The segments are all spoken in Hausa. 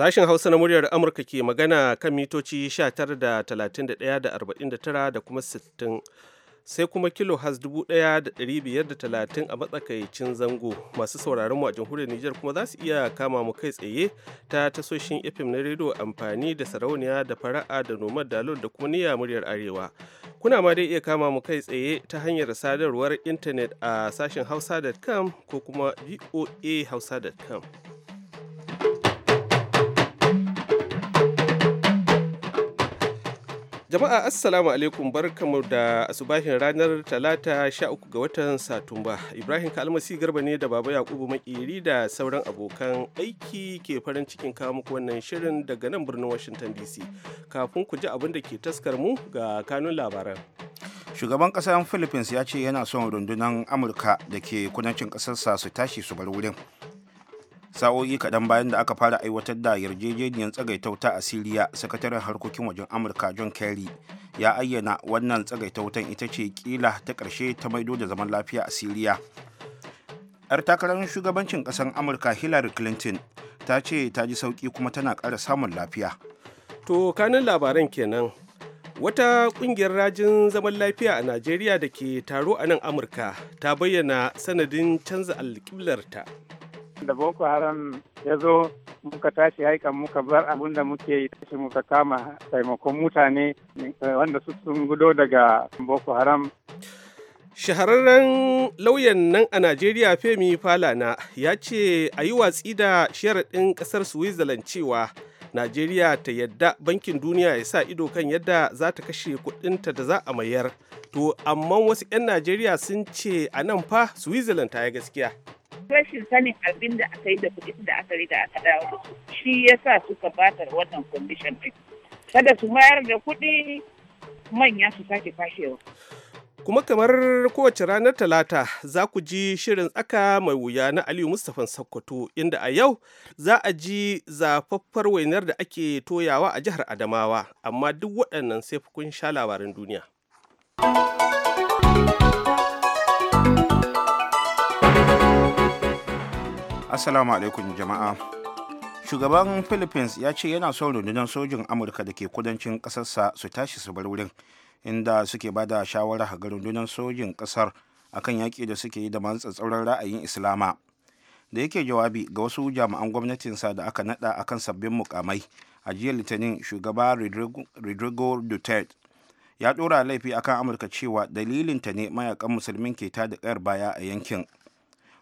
Sashen Hausa na muryar Amurka ke magana kan mitoci 19 da 31 da 49 da kuma 60. sai kuma kilo has 1,530 a matsakaicin zango masu sauraron mu a jamhuriyar Nijar kuma za su iya kama mu kai tsaye ta tasoshin FM na rediyo amfani da sarauniya da fara'a da nomad dalol da kuma niyya muryar arewa kuna ma dai iya kama mu kai tsaye ta hanyar sadarwar intanet a sashen hausa.com ko kuma voa hausa.com Jama'a Assalamu alaikum barkamu da asubahin ranar Talata sha 13 ga watan Satumba. Ibrahim Kalmasi Garba ne da Baba Yakubu Makeri da sauran abokan aiki ke farin cikin kawo muku wannan shirin daga nan birnin Washington DC. Kafin ku ji abin da ke taskar mu ga kanun labaran. Shugaban ƙasar Philippines ya ce yana son rundunar Amurka da ke kudancin kasarsa su tashi su bar wurin. sa'o'i kaɗan bayan da aka fara aiwatar da yarjejeniyar tsagaitauta a siriya sakataren harkokin wajen amurka john kerry ya ayyana wannan tsagaitautan ita ce kila ta ƙarshe ta maido da zaman lafiya a siriya yar takarar shugabancin ƙasar amurka hillary clinton ta ce ta ji sauƙi kuma tana ƙara samun lafiya to kanin labaran kenan wata ƙungiyar rajin zaman lafiya a najeriya da ke taro a nan amurka ta bayyana sanadin canza alƙiblarta da boko haram ya zo muka tashi haikan muka bar abin da muke yi tashi muka kama taimakon mutane eh, wanda su sun gudo daga boko haram shahararren lauyan nan a najeriya femi falana ya ce a yi watsi da sharaɗin ƙasar switzerland cewa najeriya ta yadda bankin duniya ya sa ido kan yadda za ta kashe kuɗinta da za a mayar to amma wasu 'yan najeriya sun ce a nan fa switzerland ta yi gaskiya rashin sanin abin da aka yi da kuɗi da aka riga aka dawo da su shi yasa suka batar wannan condition ɗin kada su mayar da kuɗi manya su sake fashewa Kuma kamar kowace ranar Talata za ku ji shirin tsaka mai wuya na Aliyu Mustapha Sokoto inda a yau za a ji zafaffar wainar da ake toyawa a jihar Adamawa amma duk waɗannan sai kun sha labaran duniya. assalamu alaikum jama'a shugaban philippines ya ce yana son rundunar sojin amurka da ke kudancin kasarsa su tashi su bar wurin inda suke ba da shawara ga rundunar sojin kasar akan yaƙi da suke yi da tsauran ra'ayin islama da yake jawabi ga wasu jami'an gwamnatinsa da aka nada akan sabbin mukamai a jiya litinin shugaba rodrigo duterte ya ɗora laifi akan amurka cewa dalilinta ne mayakan musulmin ke ta da ƙayar baya a yankin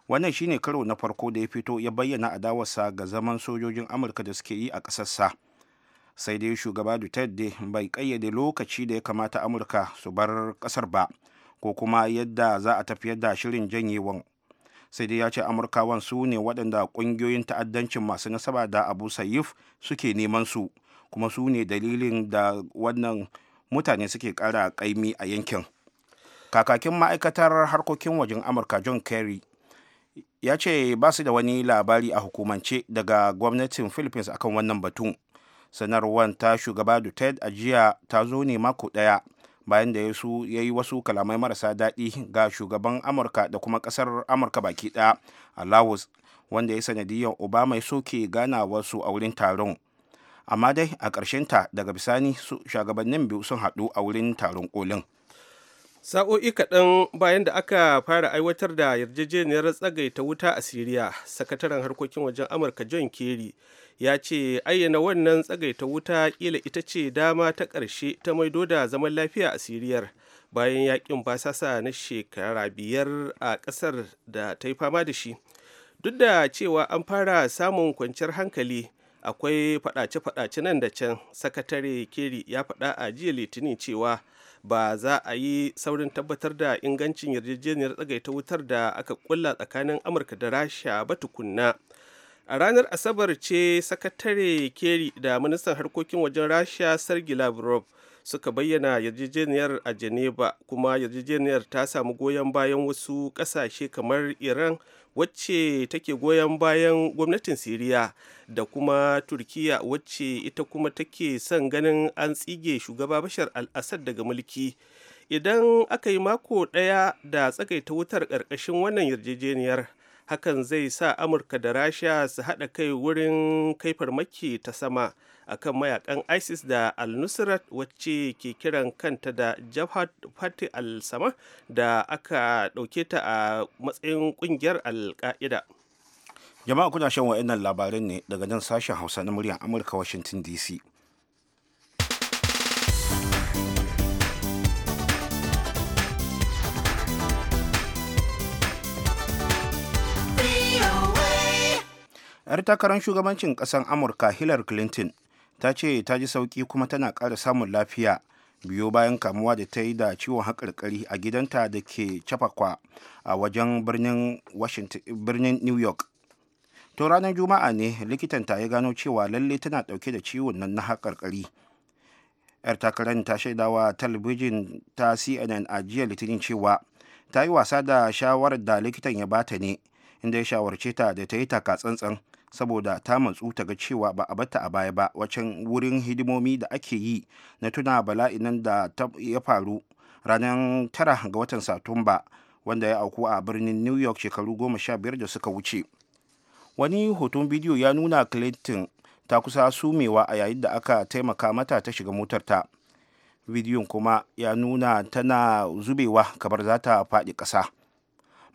wannan shine karo na farko da ya fito ya bayyana adawarsa ga zaman sojojin amurka da suke yi a ƙasarsa sai dai shugaba duterte bai ƙayyade lokaci da ya kamata amurka su bar ƙasar ba ko kuma yadda za a tafiyar da shirin janyewan sai dai ya ce amurkawan su ne waɗanda ƙungiyoyin ta'addancin masu nasaba da abu sayif suke neman su kuma su ne dalilin da wannan mutane suke kara ƙaimi a yankin kakakin ma'aikatar harkokin wajen amurka john kerry ya ce ba su da wani labari a hukumance daga gwamnatin philippines akan wannan batun sanarwar ta shugaba duterte a jiya ta zo ne mako daya bayan da ya yi wasu kalamai marasa daɗi ga shugaban amurka da kuma ƙasar amurka baki ɗaya a laos wanda ya sanadiyar obama ya soke gana wasu a wurin taron amma dai a ƙarshenta daga bisani shugabannin biyu sun haɗu a wurin taron kolin. sa'o'i kaɗan bayan da aka fara aiwatar da yarjejeniyar tsagaita wuta a siriya sakataren harkokin wajen amurka john kerry ya ce ayyana wannan tsagaita wuta kila ita ce dama ta ƙarshe ta maido da zaman lafiya a siriyar bayan yakin basasa na shekara biyar a ƙasar da ta yi fama da shi duk da cewa an fara samun kwanciyar hankali akwai faɗace-faɗace nan da can sakatare Kerry ya faɗa a jiya litinin cewa ba za a yi saurin tabbatar da ingancin yarjejeniyar tsagaita wutar da aka kulla tsakanin amurka da rasha ba tukunna a ranar asabar ce sakatare keri da ministan harkokin wajen rasha sergi lavrov suka bayyana yarjejeniyar a geneva kuma yarjejeniyar ta samu goyon bayan wasu kasashe kamar iran wacce take goyon bayan gwamnatin siriya da kuma turkiya wacce ita kuma take son ganin an tsige shugaba bashar al-assad daga mulki idan aka yi mako daya da tsagaita wutar karkashin wannan yarjejeniyar hakan zai sa amurka da rasha su haɗa kai wurin kai farmaki ta sama akan mayakan isis da al-nusrat wacce ke kiran kanta da jabhat fati al-sama da aka ɗauke ta a matsayin ƙungiyar al-ƙa'ida jama'a kuna shan wa'annan labarin ne daga nan sashen hausa na muryar amurka washington dc yar takarar shugabancin ƙasar amurka hillary clinton ta ce ta ji sauki kuma tana ƙara samun lafiya biyo bayan kamuwa da ta yi da ciwon haƙarƙari a gidanta da ke cafakwa a wajen birnin new york to ranar juma'a ne likitanta ya gano cewa lalle tana ɗauke da ciwon nan na haƙarƙari yar takarar ta shaidawa talabijin ta cnn a jiya litinin cewa ta yi wasa da shawarar da likitan ya bata ne inda ya shawarce ta da ta yi taka tsantsan saboda ta matsu ta ga cewa ba a bata a baya ba wacan wurin hidimomi da ake yi na tuna bala'inan da ya faru ranar tara ga watan satumba wanda ya auku a birnin new york shekaru goma sha biyar da suka wuce wani hoton bidiyo ya nuna clinton ta kusa sumewa a yayin da aka taimaka mata ta shiga motarta bidiyon kuma ya nuna tana zubewa kamar za ta faɗi ƙasa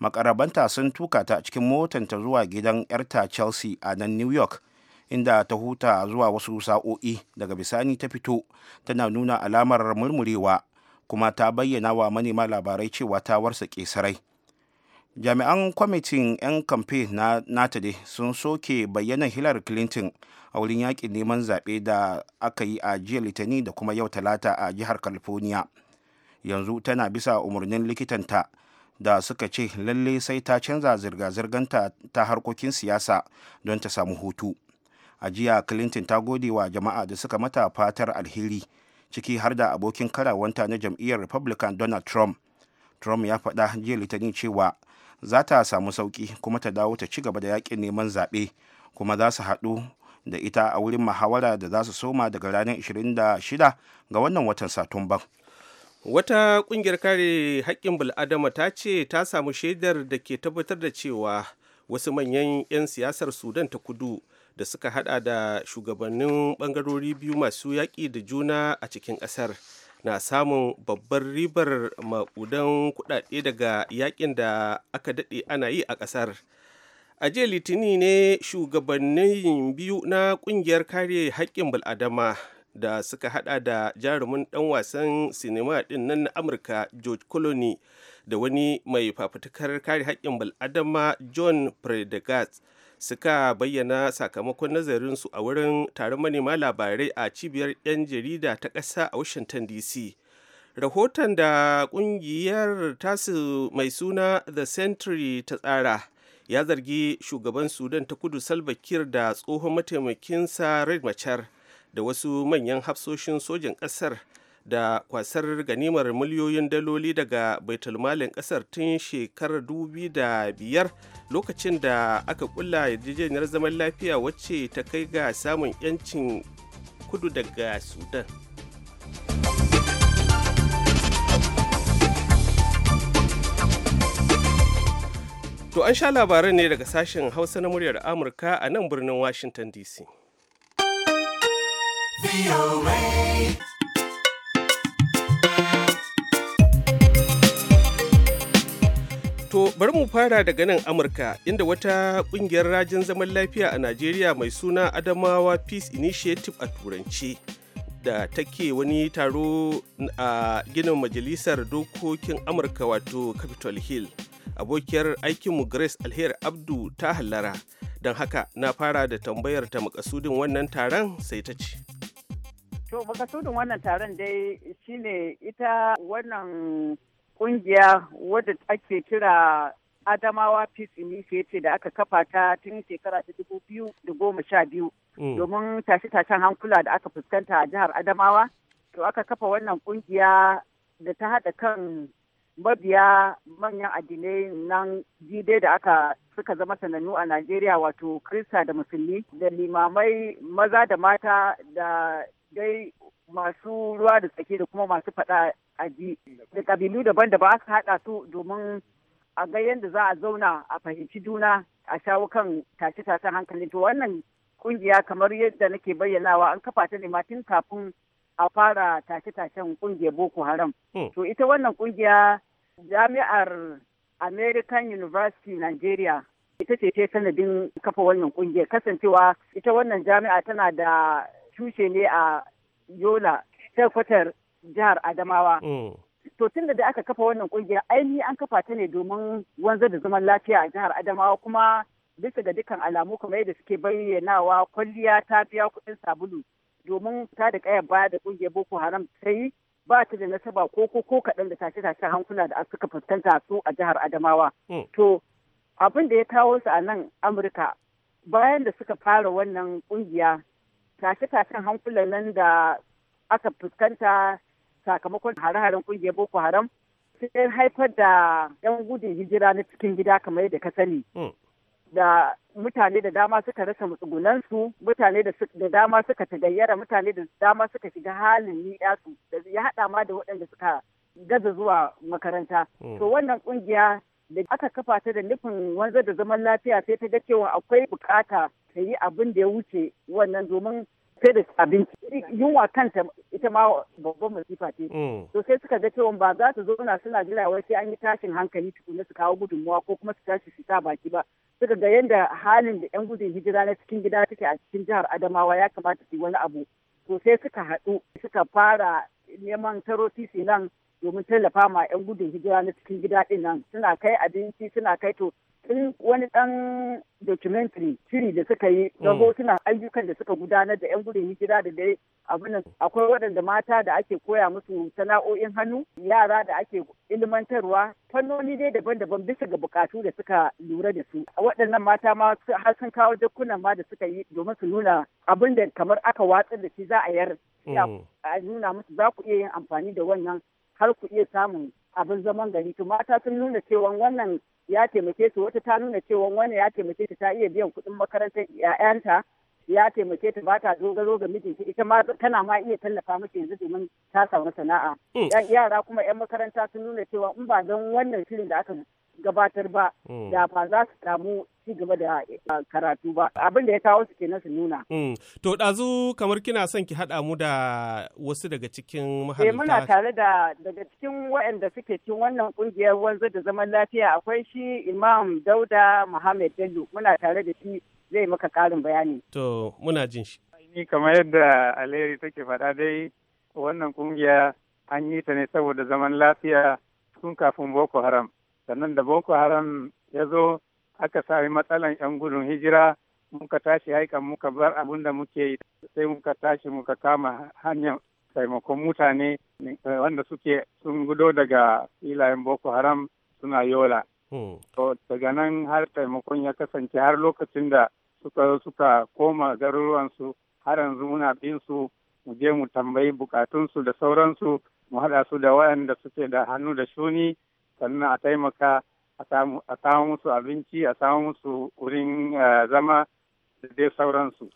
makarabanta sun tuka ta cikin motanta zuwa gidan yarta chelsea a nan new york inda ta huta zuwa wasu sa'o'i daga bisani ta fito tana nuna alamar murmurewa kuma ta bayyana wa manema labarai cewa ta warsa sarai jami'an kwamitin 'yan kamfe na nata dai sun soke bayyana hillary clinton a wurin yakin neman zaɓe da aka yi a jiya litani da kuma yau talata a jihar california yanzu tana bisa umarnin likitanta da suka ce lalle sai ta canza zirga-zirganta ta harkokin siyasa don ta samu hutu a jiya clinton ta gode wa jama'a da suka mata fatar alheri ciki har da abokin karawanta na jam'iyyar republican donald trump trump ya faɗa jiya litinin cewa za ta samu sauƙi kuma ta dawo ta ci gaba da yakin neman zaɓe kuma za su haɗu da ita a wurin muhawara da za su soma daga ranar 26 ga wannan watan satumban. wata kungiyar kare haƙƙin bil'adama ta ce ta samu shaidar da ke tabbatar da cewa wasu manyan 'yan siyasar sudan ta kudu da suka hada da shugabannin bangarori biyu masu yaƙi da juna a cikin ƙasar na samun babbar ribar maƙudan kuɗaɗe daga yaƙin da aka daɗe ana yi a ƙasar a jiya litini ne shugabannin biyu na ƙungiyar kare haƙƙin bil'adama da suka hada da jarumin dan wasan sinima din nan na amurka george colony da wani mai fafutukar kare haƙƙin bal'adama john predegas suka bayyana sakamakon nazarinsu a wurin taron manema labarai a cibiyar 'yan jarida ta ƙasa a washington dc rahoton da ƙungiyar tasu mai suna the century ta tsara ya zargi shugaban sudan ta kudu salva kiir da tsohon mataimakinsa red machar da wasu manyan hafsoshin sojin ƙasar da kwasar ganimar miliyoyin daloli daga baitulmalin ƙasar tun shekarar 2005 lokacin da aka kulla yarjejeniyar zaman lafiya wacce ta kai ga samun 'yancin kudu daga sudan To an sha labaran ne daga sashen Hausa na muryar Amurka a nan birnin Washington DC. To bari mu fara daga nan Amurka inda wata kungiyar rajin zaman lafiya a Najeriya mai suna Adamawa Peace Initiative a Turanci da take wani taro a ginin Majalisar Dokokin Amurka wato Capitol Hill. Abokiyar aikinmu Grace Alher Abdu ta hallara don haka na fara da tambayar ta makasudin wannan taron sai ta ce. To makasudin wannan taron dai shine ita wannan kungiya wadda ake kira Adamawa Peace Initiative da aka kafa ta tun shekara ta dubu biyu da goma sha biyu mm. domin tashe-tashen hankula da aka fuskanta a jihar Adamawa. To aka kafa wannan kungiya da ta haɗa kan mabiya manyan addinai nan jide da aka suka zama sanannu a Najeriya wato krista da Musulmi da limamai maza da mata da dai masu ruwa da tsaki da kuma masu faɗa a ji da ƙabilu daban-daban aka haɗa su domin a ga yadda za a zauna a fahimci juna a shawo kan tashe-tashen hankali to wannan kungiya kamar yadda nake bayyanawa an kafa ta ne ma tun kafin a fara tashe-tashen kungiyar boko haram hmm. to ita wannan kungiya jami'ar american university nigeria ita ce ce sanadin kafa wannan kungiyar kasancewa ita wannan jami'a tana da tushe ne a yola kwatar jihar adamawa mm. to tun da aka kafa wannan kungiya ainihi an kafa ta ne domin wanzar da zaman lafiya a jihar adamawa kuma bisa ga dukkan alamu kamar yadda suke bayyanawa kwalliya ta biya kuɗin sabulu domin ta da kayan baya da kungiyar boko haram ta yi ba ta da nasaba ko ko ko kaɗan da tashe tashe hankula da suka fuskanta su a jihar adamawa mm. to abin da ya kawo su a nan amurka bayan da suka fara wannan kungiya tashe kan hankulan nan da aka fuskanta sakamakon hare-haren kungiyar Boko Haram sai haifar da 'yan gudun hijira na cikin gida kamar yadda ka sani. Hmm. Da mutane da dama suka rasa matsugunansu, mutane da dama suka tagayyara, mutane da dama suka shiga halin ni su ya hada ma da waɗanda suka gaza zuwa makaranta. Hmm. To wannan kungiya da aka kafa ta da nufin wanzar da zaman lafiya sai ta ga cewa akwai bukata ta yi abin da ya wuce wannan domin sai da abinci yunwa kanta ita ma babban masifa ce mm. to sai suka ga cewa ba za su zauna suna jira wai sai an yi tashin hankali tukuna su kawo gudunmuwa ko kuma su tashi su ta baki ba suka ga yadda halin da yan gudun hijira na cikin gida take a cikin jihar Adamawa ya kamata su yi wani abu to sai suka haɗu suka fara neman taro sisi nan domin tallafa ma 'yan gudun hijira na cikin gida ɗin nan suna kai abinci suna kai to wani ɗan documentary shiri da suka yi mm. da suna ayyukan da suka gudanar da 'yan gudun hijira da dai abin akwai waɗanda mata da ake koya musu sana'o'in hannu yara da ake ilmantarwa fannoni dai daban-daban bisa ga bukatu da suka lura da su waɗannan mata ma har sun kawo jakunan ma da suka yi domin su nuna abin da kamar aka watsar da shi za a yar mm. a nuna musu za ku iya yin amfani da wannan har ku iya samun abin zaman gari to mata sun nuna cewa wannan ya taimake su wata ta nuna cewa wannan ya taimake ta ta iya biyan kuɗin makarantar ƴaƴanta ya taimake ta ba ta dogaro ga mijinta ita ma tana ma iya tallafa mace yanzu domin ta samu sana'a. Hmm. Yara kuma 'yan makaranta sun nuna cewa in ba don wannan shirin da aka gabatar ba mm. da ba za su samu ci gaba da eh, karatu ba abinda ya kawo su kenan su nuna. Mm. To ɗazu kamar kina son ki haɗa mu da wasu daga cikin eh, mahalarta. Eh muna tare da daga cikin waɗanda suke cikin wannan ƙungiyar wanzu da zaman lafiya akwai shi Imam Dauda Muhammad Bello muna tare da shi zai maka ƙarin bayani. To muna jin shi. Ni kamar yadda Aleri take faɗa dai wannan ƙungiya an yi ta ne saboda zaman lafiya tun kafin Boko Haram. sannan da boko haram ya zo aka sami matsalan 'yan gudun hijira muka tashi haikan muka bar abin da muke yi sai muka tashi muka kama hanyar taimakon mutane eh, wanda suke sun gudo daga filayen boko haram suna yola hmm. to daga nan har taimakon ya kasance har lokacin da suka suka koma garuruwansu har yanzu muna bin su mu je mu tambayi bukatunsu da sauransu mu haɗa su da waɗanda suke da hannu da shuni sannan a taimaka a samu musu abinci a samu musu wurin eh, zama da dai sauransu.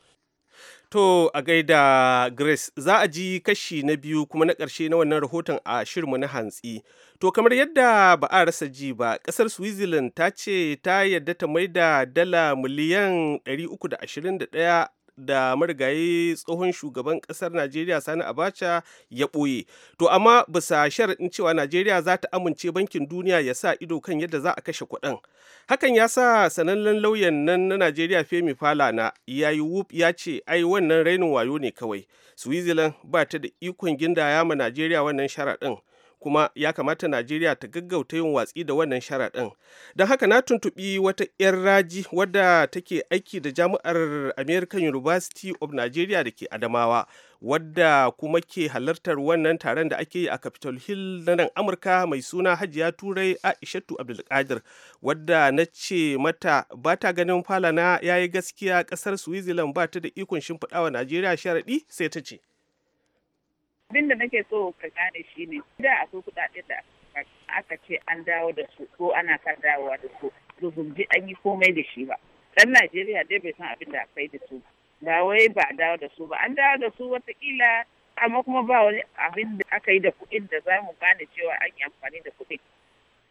To a gaida Grace za a ji kashi na biyu kuma na ƙarshe na wannan rahoton a shirmu na hantsi. To kamar yadda ba a rasa ji ba, ƙasar Switzerland ta ce ta yadda ta maida dala miliyan 321 da marigayi tsohon shugaban kasar najeriya sani abacha ya ɓoye to amma bisa sharaɗin cewa najeriya za ta amince bankin duniya ya sa ido kan yadda za a kashe kuɗin hakan ya sa sanannen lauyan nan na najeriya femi falana ya yi wup ya ce ai wannan rainin wayo ne kawai switzerland ba ta da ikon gindaya ma najeriya wannan sharaɗin kuma ya kamata najeriya ta gaggauta yin watsi da wannan sharaɗin don haka na tuntuɓi wata 'yar raji wadda take aiki da jami'ar american university of nigeria da ke adamawa wadda kuma ke halartar wannan taron da ake yi a capitol hill na nan amurka mai suna hajiya turai aishatu abdulkadir wadda na ce mata ba ta ganin falana ya yi gaskiya ƙasar switzerland ba ta da ikon shimfiɗawa najeriya sharaɗi sai ta ce abin da nake so ka gane shi ne da akwai kuɗaɗe da aka ce an dawo da su ko ana kan dawowa da su ji an yi komai da shi ba ɗan najeriya dai bai san abin da akwai da su ba wai ba a dawo da su ba an dawo da su watakila amma kuma ba wani abin da aka yi da kuɗin da za mu gane cewa an yi amfani da kuɗin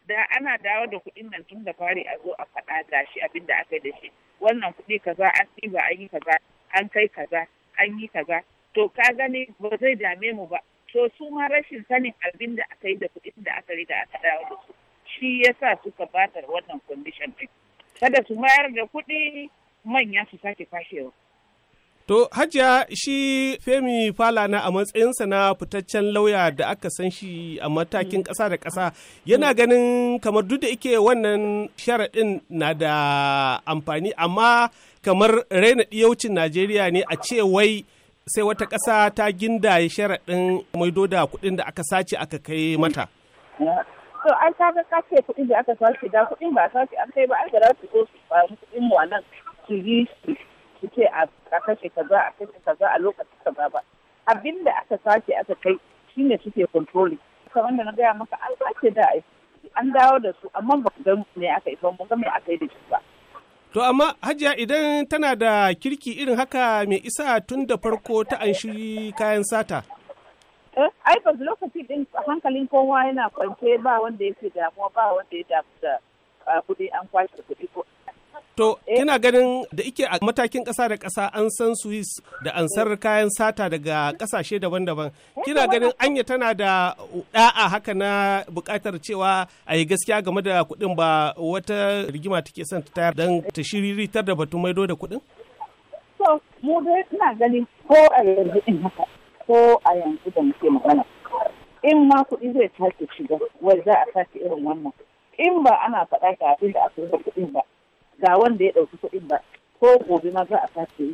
da ana dawo da kuɗin nan tun da fari a zo a faɗa gashi abin da aka yi da shi wannan kuɗi kaza an ba an yi kaza an kai kaza an yi kaza to ka gani ba zai dame mu ba to su ma rashin sanin abin da aka yi da kuɗin da aka riga aka dawo da su shi ya sa suka batar wannan condition din kada su mayar da kuɗi manya su sake fashewa To Hajiya shi Femi Falana a matsayinsa na fitaccen lauya da aka san shi a matakin ƙasa da ƙasa yana ganin kamar duk da ike wannan sharaɗin na da amfani amma kamar raina ɗiyaucin Najeriya ne a ce wai sai wata ƙasa ta gindaye sharaɗin maido da kuɗin da aka sace aka kai mata. To an ta ga kace kuɗin da aka sace da kuɗin ba a sace an kai ba an ga su zo su fara kuɗin mu a nan su yi su ce a kashe kaza a kashe kaza a lokacin ka ba. Abin da aka sace aka kai shine suke controlling. Kamar wanda na gaya maka an sace da an dawo da su amma ba ku ga me aka yi ba mu ga me aka yi da shi ba. To amma hajiya idan tana da kirki irin haka mai isa tun da farko ta an shiri kayan sata. Eh, ai ba lokaci din hankalin kowa yana kwance ba wanda ya ke damuwa ba wanda ya damu da ah, kuɗi an kwashe kuɗi ko To, eh. kina ganin da ike a matakin ƙasa da ƙasa an san Swiss da ansar eh. kayan sata daga ƙasashe daban-daban. Eh, kina ganin anya tana da ɗa'a haka na buƙatar cewa a yi gaskiya game da kuɗin ba wata rigima take son ta tayar don ta shiriritar da batun maido da kuɗin? so mu dai ina ganin ko a yanzu in haka ko a yanzu da muke magana. In ma kuɗi zai sake shiga, wai za a sake irin wannan. In ba ana faɗa kafin da aka yi kuɗin ba, ga wanda ya ɗauki kuɗin ba ko gobe ma za a sace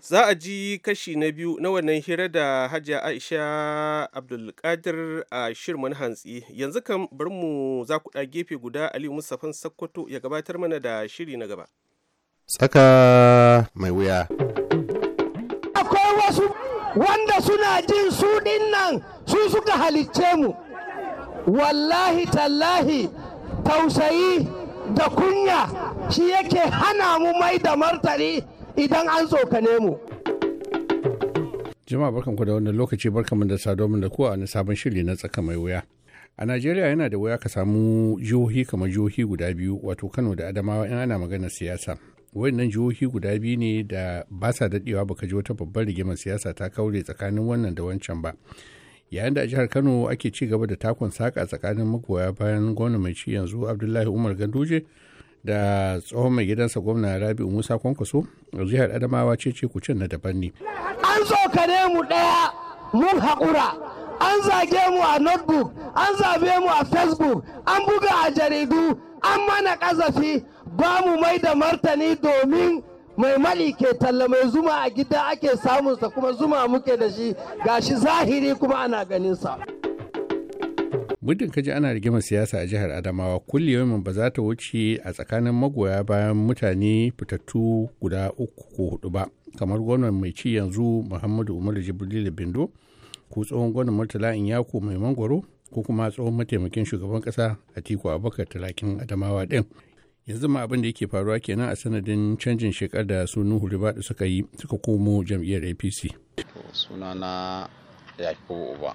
Za a ji kashi na biyu na wannan hira da Hajiya Aisha Abdulkadir a shirman hantsi. Yanzu kan bari mu za ku gefe guda Aliyu Mustafan Sakkwato ya gabatar mana da shiri na gaba. Tsaka mai wuya. Akwai wasu wanda suna jin su nan su suka halicce mu. Wallahi tallahi tausayi da kunya shi yake hana mu mai da martani idan an tsokane mu. Jama'a barkanku da wannan lokaci barkanmu da sadomin da kuwa na sabon shiri na tsaka mai wuya. A Najeriya yana da wuya ka samu jihohi kamar jihohi guda biyu wato Kano da Adamawa in ana magana siyasa. Wannan jihohi guda biyu ne da ba sa daɗewa baka ji wata babbar rigimar siyasa ta kaure tsakanin wannan da wancan ba. yayin da a jihar kano ake ci gaba da takon saka tsakanin magoya bayan gwamna mai ci yanzu abdullahi umar ganduje da tsohon mai gidansa gwamna rabi'u musa kwankwaso a jihar adamawa ce ce kucin na daban ne an tsokane mu ɗaya mun haƙura an zage mu a notebook an zabe mu a facebook an buga a jaridu an mana ƙazafi ba mu mai da martani domin mai mali ke talla mai zuma a gida ake samunsa kuma zuma muke da shi ga shi zahiri kuma ana ganinsa. muddin kaji ana rigimar siyasa a jihar adamawa kulliyomin ba za ta wuce a tsakanin magoya bayan mutane fitattu guda uku ko hudu ba kamar gwamnan mai ci yanzu muhammadu umaru jibrilu bindo ko tsohon gwamnan murtala yako mai mangoro ko kuma tsohon mataimakin shugaban kasa atiku abubakar talakin adamawa din yanzu ma abin da yake faruwa kenan a sanadin canjin shekar da su nuhu ribadu suka yi suka komo jam'iyyar apc suna sunana yakubu uba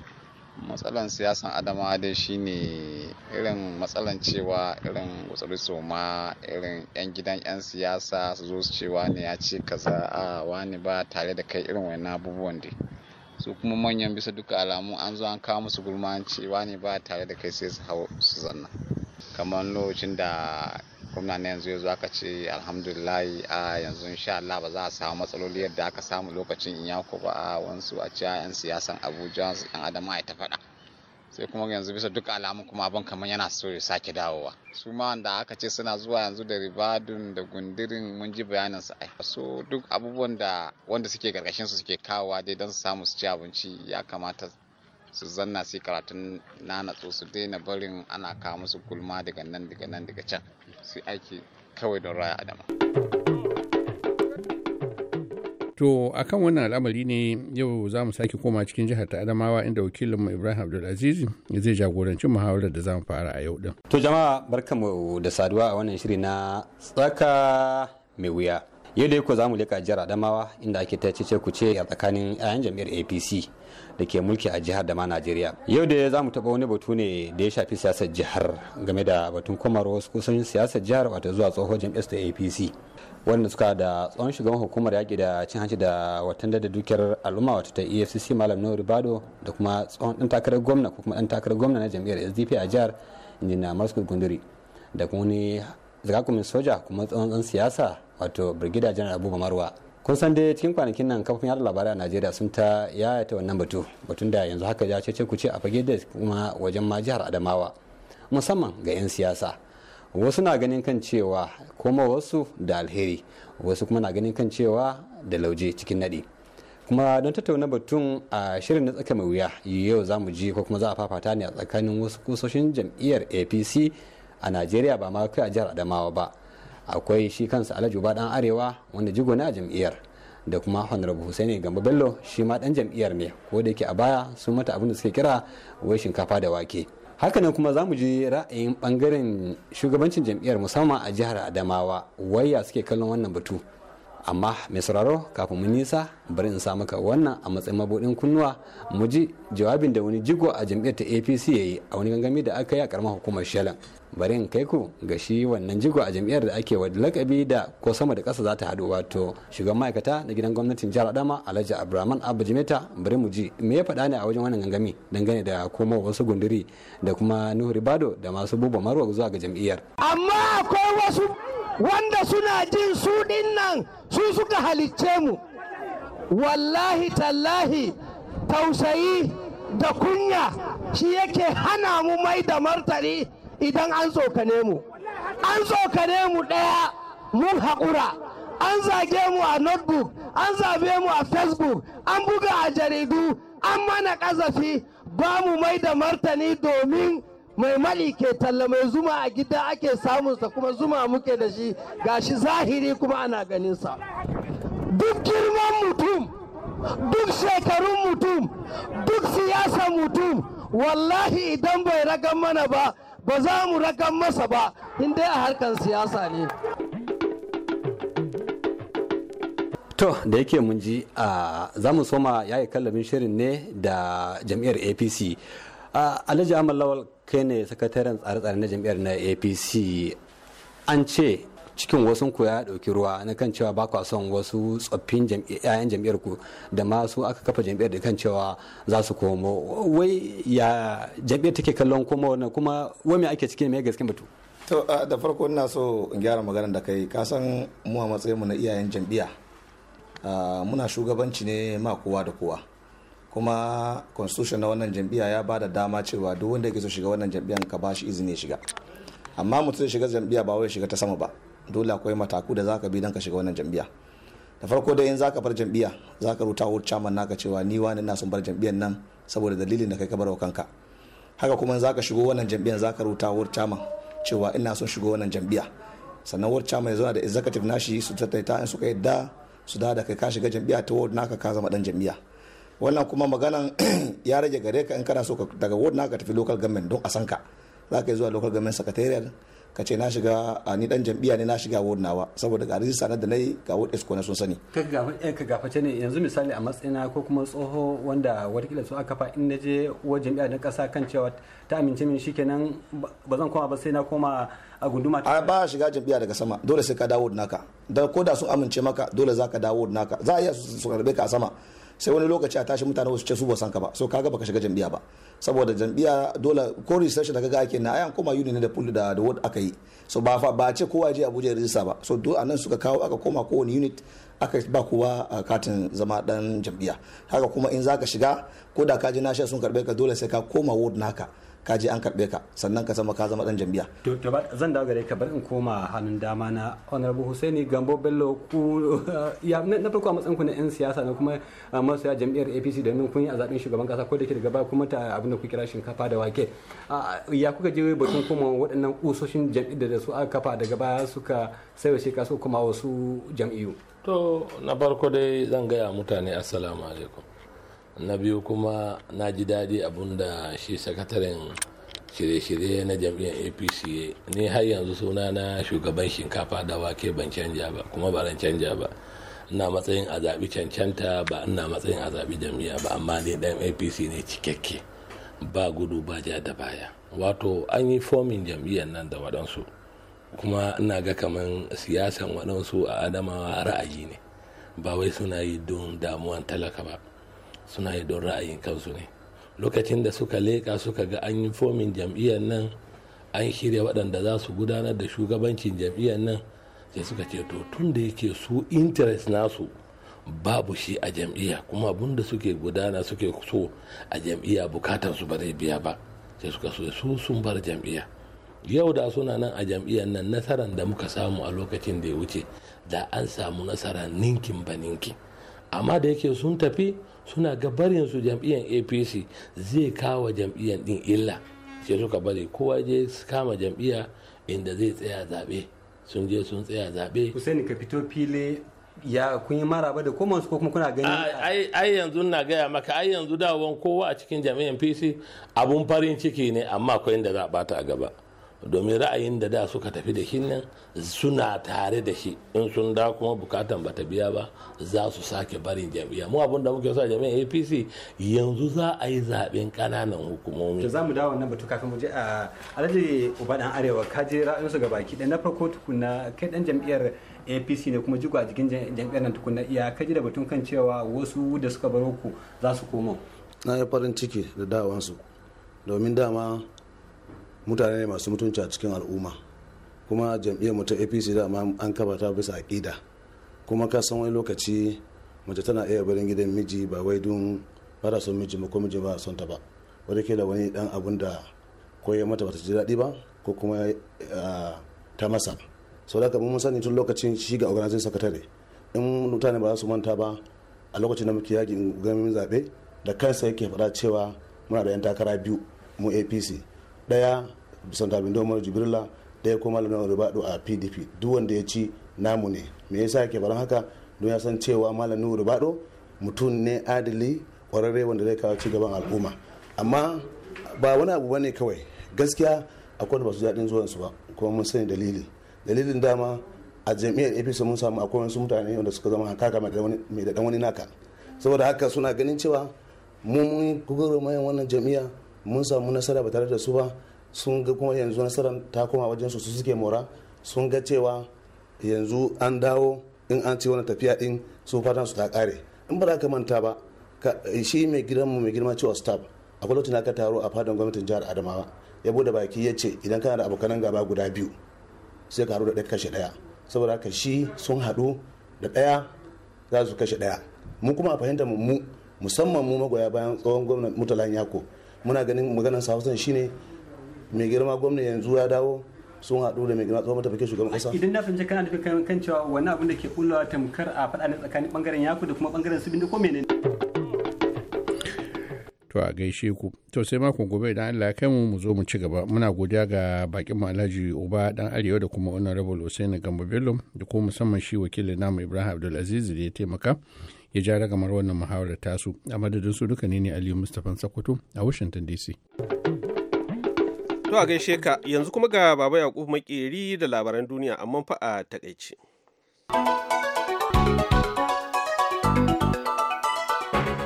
matsalan siyasan adama dai shine irin matsalan cewa irin gutsuriso ma irin yan gidan yan siyasa su zo su cewa ne ya ce kaza a wani ba tare da kai irin wani abubuwan dai su kuma manyan bisa duka alamu an zo an kawo musu gulma cewa ne ba tare da kai sai su hau su zanna kamar lokacin da gwamna na yanzu yanzu aka ce alhamdulillahi a yanzu insha Allah ba za a samu matsaloli yadda aka samu lokacin in yako ba a wansu a ce yan siyasan Abuja yan adama ya ta faɗa sai kuma yanzu bisa duk alamun kuma abin kamar yana so ya sake dawowa su ma wanda aka ce suna zuwa yanzu da ribadun da gundirin mun ji bayanin su ai so duk abubuwan da wanda suke karkashin su suke kawowa dai don su samu su ci abinci ya kamata su zanna sai karatun na natsu su daina barin ana kawo musu gulma daga nan daga nan daga can su aiki kawai don raya adama. To a kan wannan al'amari ne yau za mu sake koma cikin jihar ta Adamawa inda wakilinmu Ibrahim Abdulaziz zai jagoranci muhawarar da za mu fara a yau din. To jama'a barkamu da saduwa a wannan shiri na tsaka mai wuya. yadda ko za mu leka jihar adamawa inda ake ta ce ku ce a tsakanin 'ya'yan jam'iyyar apc da ke mulki a jihar da ma najeriya yau da za mu taɓa wani batu ne da ya shafi siyasar jihar game da batun komar wasu kusan siyasar jihar wata zuwa tsohon jam'iyyar da apc wanda suka da tsohon shugaban hukumar yaƙi da cin hanci da watan da dukiyar al'umma wata ta efcc malam nuhu ribado da kuma tsohon ɗan takarar gwamna ko kuma ɗan takarar gwamna na jam'iyyar sdp a jihar injiniya marsu gunduri da kuma wani zakakumin soja kuma tsohon siyasa wato brigida janar abuba marwa kun san dai cikin kwanakin nan kafofin yada labarai a najeriya sun ta yayata wannan batu batun da yanzu haka ya ce ku ce a fage da kuma wajen ma jihar adamawa musamman ga 'yan siyasa wasu na ganin kan cewa kuma wasu da alheri wasu kuma na ganin kan cewa da lauje cikin naɗi kuma don tattauna batun a shirin na tsaka mai wuya yau za mu ji ko kuma za a fafata ne a tsakanin wasu kusoshin jam'iyyar apc a najeriya ba ma kai a jihar adamawa ba akwai shi kansa alhaji ba dan arewa wanda jigo a jam'iyyar da kuma honorable husaini gamba bello shi ma dan jam'iyyar ne ko da yake a baya sun mata abin da suke kira wai shinkafa da wake haka nan kuma za mu ji ra'ayin bangaren shugabancin jam'iyyar musamman a jihar adamawa waya suke kallon wannan batu amma mai sauraro kafin mu nisa bari in sa maka wannan a matsayin mabudin kunnuwa mu ji jawabin da wani jigo a jam'iyyar ta apc ya yi a wani gangami da aka yi a karamar hukumar shelan bari in kai ku ga shi wannan jigo a jam'iyyar da ake wadda lakabi da ko sama da ƙasa za ta haɗu wato shugaban ma'aikata na gidan gwamnatin jihar adama alhaji abdulrahman abu jimeta bari mu ji me ya faɗa ne a wajen wannan gangami dangane da koma wasu gunduri da kuma nuhu ribado da masu buba marwa zuwa ga jam'iyyar amma akwai wasu wanda suna jin su nan suka halicce mu wallahi tallahi tausayi da kunya shi yake hana mu mai da martani idan an tsokane mu an tsokane mu ɗaya mun haƙura an zage mu a notebook an zabe mu a facebook an buga a jaridu an mana ƙazafi ba mu mai da martani domin mai mali ke talla mai zuma a gida ake samunsa kuma zuma muke da shi Ga shi zahiri kuma ana ganinsa duk girman mutum duk shekarun mutum duk siyasa mutum wallahi idan bai ragan mana ba ba za mu ragan masa ba inda a harkar siyasa ne to da yake mun ji za mu soma ya yi kallamin shirin ne da jam'iyyar apc alhaji amal lawal kai ne sakataren tsare-tsare na jam'iyyar na apc an ce cikin wasu ku ya ɗauki ruwa na kan cewa ba kwa son wasu tsoffin yayan jam'iyyar ku da masu aka kafa jam'iyyar da kan cewa za su komo wai ya jam'iyyar take kallon komo wani kuma wai me ake cikin mai gaske batu to da farko ina so in gyara maganar da kai ka san mu a mu na iyayen jam'iyya muna shugabanci ne ma kowa da kowa kuma constitution na wannan jam'iyya ya ba da dama cewa duk wanda yake so shiga wannan jam'iyyar ka ba shi izini shiga amma mutum shiga jam'iyya ba wai shiga ta sama ba dole akwai mataku da zaka bi don ka shiga wannan jam'iyya da farko dai in zaka bar jam'iyya zaka rubuta wa chairman naka cewa ni wani ina son bar jam'iyyar nan saboda dalilin da kai ka bar wa kanka haka kuma in zaka shigo wannan jam'iyyar zaka rubuta wa chairman cewa ina son shigo wannan jam'iyyar sannan ward chairman ya da executive nashi su tattaita in suka yadda su da da kai ka shiga jam'iyyar ta ward naka ka zama dan jam'iyyar wannan kuma maganan ya rage gare ka in kana so daga ward na ka tafi local government don a sanka za ka yi zuwa local government secretariat ka ce na shiga ni dan jam'iyya ne na shiga ward nawa saboda ga rijista na da nayi ga ward esco na sun sani eh, ka ce ne yanzu misali a matsayina ko kuma tsoho wanda watakila su aka fa in na je ward jam'iyya na kasa kan cewa ta amince min shikenan ba zan koma ba sai na koma a gunduma ta ba shiga jam'iyya daga sama dole sai ka dawo naka da ko da sun amince maka dole za ka dawo naka za a iya su karbe ka a sama sai wani lokaci a tashi mutane wasu ce su ba san ka ba so kaga baka shiga jam'iyya ba saboda jam'iyya dole ko research da kaga ake na ayan koma union da pool da da ward aka yi so ba fa ba ce kowa je Abuja rijista ba so duk anan suka kawo aka koma kowane unit aka ba kowa a katin zama dan jam'iyya haka kuma in zaka shiga ko da ka ji na sun karbe ka dole sai ka koma ward naka ka je an karɓe ka sannan ka sama ka zama dan jam'iyya to to zan dawo gare ka bar in koma hannun dama na honorable Husaini Gambo Bello ku ya na farko a matsayin ku na yan siyasa na kuma masoya jam'iyyar APC domin kun yi a zaben shugaban kasa ko da ke daga baya kuma ta abin da ku kira shinkafa da wake ya kuka je batun koma waɗannan kusoshin jam'iyyar da su aka kafa daga baya suka sai sheka su kuma wasu jam'iyyu to na farko dai zan gaya mutane assalamu alaikum na biyu kuma na ji daɗi abun da shi sakataren shirye-shirye na jam'iyyar apc ni har yanzu suna na shugaban shinkafa da wake ban canja ba kuma ba ran canja ba na matsayin a zaɓi cancanta ba ina matsayin a zaɓi jam'iyya ba amma ni ɗan apc ne cikakke ba gudu ba ja da baya wato an yi fomin jam'iyyar nan da waɗansu kuma ina ga kaman siyasan waɗansu a adamawa ra'ayi ne ba wai suna yi don damuwan talaka ba suna yi don ra'ayin kansu ne lokacin da suka leƙa suka ga an yi fomin jam'iyyar nan an shirya waɗanda za su gudanar da shugabancin jam'iyyar nan sai suka ce to tun da yake su interest nasu babu shi a jam'iyya kuma abun da suke gudana suke so a jam'iyya bukatar su ba zai biya ba sai suka so su sun bar jam'iyya yau da suna nan a jam'iyyar nan nasarar da muka samu a lokacin da ya wuce da an samu nasara ninkin ba ninkin amma da yake sun tafi suna gabarin su jam'iyyar apc zai kawo jam'iyyar din illa sai suka bari kowa je kama jam'iyya inda zai tsaya zaɓe sun je sun tsaya zaɓe Hussaini ka fito fili ya kun yi maraba da komansu ko kuma kuna gani ai yanzu na gaya maka ai yanzu dawon kowa a cikin jam'iyyar pc abun farin ciki ne amma akwai inda za a bata a gaba domin ra'ayin da da suka tafi da shi nan suna tare da shi in sun da kuma bukatan bata biya ba za su sake barin jami'a mu abin da muke so jami'an apc yanzu za a yi zaben kananan hukumomi za mu dawo nan batu kafin mu je a alhaji uba dan arewa ka je ra'ayinsu ga baki na farko tukuna kai dan jami'ar apc ne kuma jigo a jikin jami'ar nan tukuna iya ka ji da batun kan cewa wasu da suka baro ku za su koma na yi farin ciki da dawansu domin dama mutane ne masu mutunci a cikin al'umma kuma jam'iyyar mu ta apc dama an kaba ta bisa aƙida kuma ka san wani lokaci mace tana iya barin gidan miji ba wai don ba son miji ko miji ba son ta ba wani kila wani dan abun da ko ya mata bata ji daɗi ba ko kuma ah, ta masa sau da mun sani tun lokacin shi ga organizing secretary in mutane ba za su manta ba a lokacin da muke yaƙi gamin zaɓe da kansa yake faɗa cewa muna da 'yan takara biyu mu apc ɗaya bisan tabin domar jibrila ɗaya ko malam nuru bado a pdp duk wanda ya ci namu ne me yasa ke baran haka don ya san cewa malam nuru bado mutum ne adali kwararre wanda zai kawo cigaban al'umma amma ba wani abu bane kawai gaskiya akwai ba su daɗin zuwansu ba kuma mun sani dalili dalilin dama a jam'iyyar apc mun samu akwai wasu mutane wanda suka zama kaka mai da wani naka saboda haka suna ganin cewa mun mayan wannan jami'a mun samu nasara ba tare da su ba sun ga kuma yanzu nasarar ta koma wajen su suke mora sun ga cewa yanzu an dawo in an ci wani tafiya din su fatan su ta kare in ba za ka manta ba shi mai gidanmu mai girma cewa staff a lokacin aka taro a fadan gwamnatin jihar adamawa ya bude baki ya ce idan kana da abokan gaba guda biyu sai ka haɗu da ɗaya kashe ɗaya saboda haka shi sun haɗu da daya za su kashe daya mu kuma fahimta mu musamman mu magoya bayan tsohon gwamnan mutalan yako muna ganin maganar sa shine mai girma gwamna yanzu ya dawo sun haɗu da mai girma tsohon matafakin shugaban ƙasa. Idan na fahimci kana tafiya kan cewa wani abin da ke kullawa tamkar a faɗa na tsakanin ɓangaren yaku da kuma ɓangaren su ko menene. To a gaishe ku. To sai makon gobe idan Allah ya kai mu mu zo mu ci gaba. Muna godiya ga bakin mu Alhaji Uba dan Arewa da kuma Honorable Hussein Gambo Bello da kuma musamman shi wakilin namu Ibrahim Abdul Aziz da ya taimaka ya ja ragamar wannan muhawarar tasu. A madadin su duka ne ne Aliyu Mustapha Sokoto a Washington DC. To a gaishe ka yanzu kuma ga Baba yakub Makeri da labaran duniya amma fa a takaice.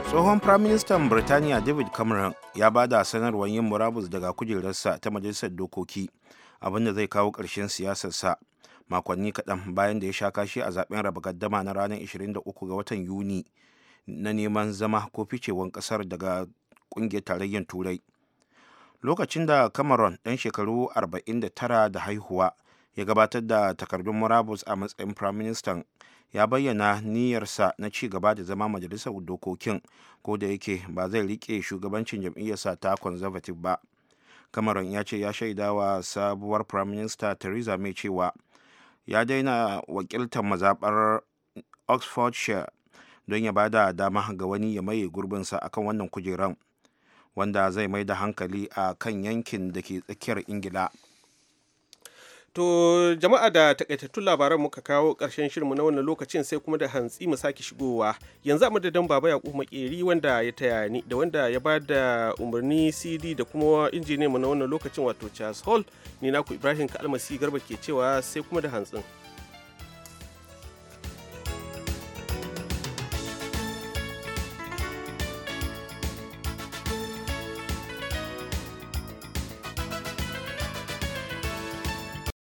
Tsohon Firaministan Birtaniya David Cameron ya ba da sanarwar yin murabus daga kujerarsa ta Majalisar Dokoki abinda zai kawo ƙarshen siyasarsa makonni kaɗan bayan da ya sha kashi a zaben raba gaddama na ranar 23 ga watan Yuni na neman zama ko ficewan ƙasar daga ƙungiyar tarayyar Turai. lokacin da cameron ɗan shekaru 49 da haihuwa ya gabatar da takardun murabus a matsayin prime minister ya bayyana niyyarsa na ci gaba da zama majalisar dokokin ko da yake ba zai rike shugabancin jam'iyyarsa ta conservative ba cameron ya ce ya shaida wa sabuwar prime minister theresa may cewa ya daina wakiltar mazaɓar oxfordshire don ya bada dama ga wani ya maye gurbinsa akan wannan kujeran wanda zai mai da hankali a kan yankin da ke tsakiyar ingila To jama'a da takaitattun labaran muka kawo karshen shirinmu na wannan lokacin sai kuma da hantsi mu sake shigowa. Yanzu a dan Baba kuma Makeri wanda ya taya ni da wanda ya ba da umarni CD da kuma injiniyanmu na wannan lokacin wato Charles Hall ni naku Ibrahim Kalmasi Garba ke cewa sai kuma da hantsin.